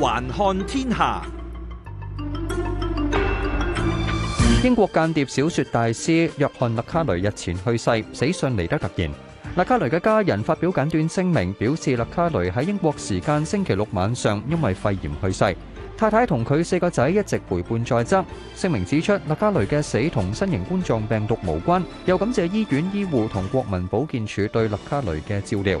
環看天下，英國間諜小說大師約翰·勒卡雷日前去世，死訊嚟得突然。勒卡雷嘅家人發表簡短聲明，表示勒卡雷喺英國時間星期六晚上因為肺炎去世，太太同佢四個仔一直陪伴在側。聲明指出，勒卡雷嘅死同新型冠狀病毒無關，又感謝醫院醫護同國民保健署對勒卡雷嘅照料。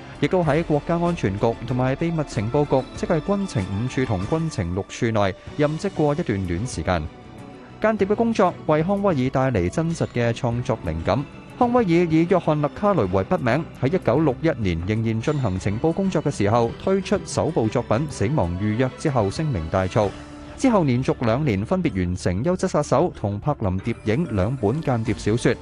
亦都喺國家安全局同埋秘密情報局，即係軍情五處同軍情六處內任職過一段短時間。間諜嘅工作為康威爾帶嚟真實嘅創作靈感。康威爾以約翰·勒卡雷為筆名，喺一九六一年仍然進行情報工作嘅時候，推出首部作品《死亡預約》之後聲名大噪。之後連續兩年分別完成《優質殺手》同《柏林諜影兩間諜》兩本間諜小説。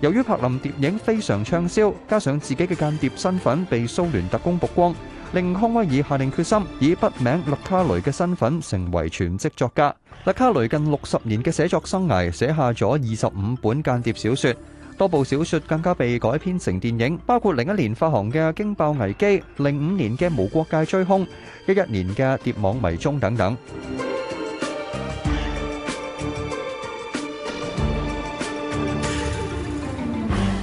由於柏林諜影非常暢銷，加上自己嘅間諜身份被蘇聯特工曝光，令康威爾下定決心以筆名勒卡雷嘅身份成為全職作家。勒卡雷近六十年嘅寫作生涯寫下咗二十五本間諜小說，多部小說更加被改編成電影，包括零一年發行嘅驚爆危機、零五年嘅無國界追兇、一一年嘅諜網迷蹤等等。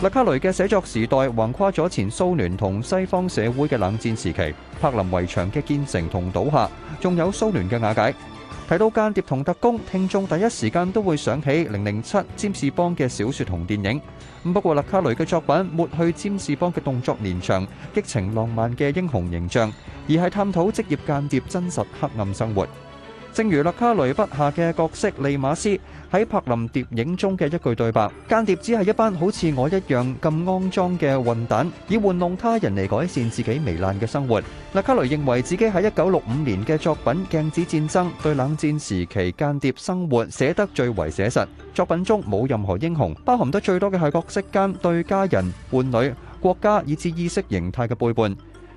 勒卡雷嘅寫作時代橫跨咗前蘇聯同西方社會嘅冷戰時期，柏林圍牆嘅建成同倒下，仲有蘇聯嘅瓦解。睇到間諜同特工，聽眾第一時間都會想起零零七、占士邦嘅小說同電影。不過，勒卡雷嘅作品抹去占士邦嘅動作連場、激情浪漫嘅英雄形象，而係探討職業間諜真實黑暗生活。正如勒卡雷筆下嘅角色利馬斯喺柏林諜影中嘅一句對白：間諜只係一班好似我一樣咁骯髒嘅混蛋，以玩弄他人嚟改善自己糜爛嘅生活。勒卡雷認為自己喺一九六五年嘅作品《鏡子戰爭》對冷戰時期間諜生活寫得最為寫實。作品中冇任何英雄，包含得最多嘅係角色間對家人、伴侶、國家以至意識形態嘅背叛。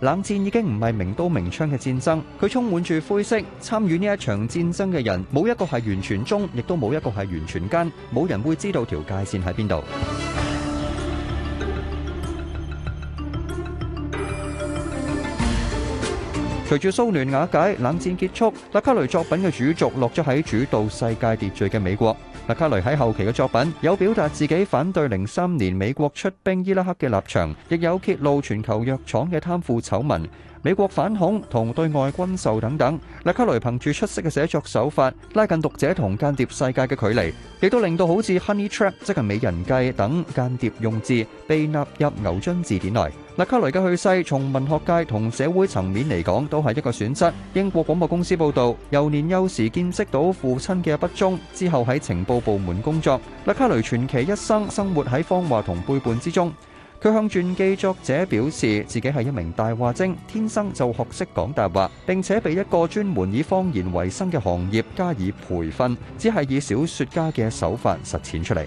冷戰已經唔係明刀明槍嘅戰爭，佢充滿住灰色。參與呢一場戰爭嘅人，冇一個係完全忠，亦都冇一個係完全奸，冇人會知道條界線喺邊度。隨住蘇聯瓦解、冷戰結束，勒卡雷作品嘅主軸落咗喺主導世界秩序嘅美國。勒卡雷喺後期嘅作品，有表達自己反對零三年美國出兵伊拉克嘅立場，亦有揭露全球藥廠嘅貪腐醜聞。美國反恐同對外軍售等等，勒卡雷憑住出色嘅寫作手法，拉近讀者同間諜世界嘅距離，亦都令到好似 Honey Trap 即係美人計等間諜用字被納入牛津字典內。勒卡雷嘅去世，從文學界同社會層面嚟講，都係一個損失。英國廣播公司報導，幼年幼時見識到父親嘅不忠，之後喺情報部門工作。勒卡雷傳奇一生，生活喺謊話同背叛之中。佢向傳記作者表示，自己係一名大話精，天生就學識講大話，並且被一個專門以謊言為生嘅行業加以培訓，只係以小説家嘅手法實踐出嚟。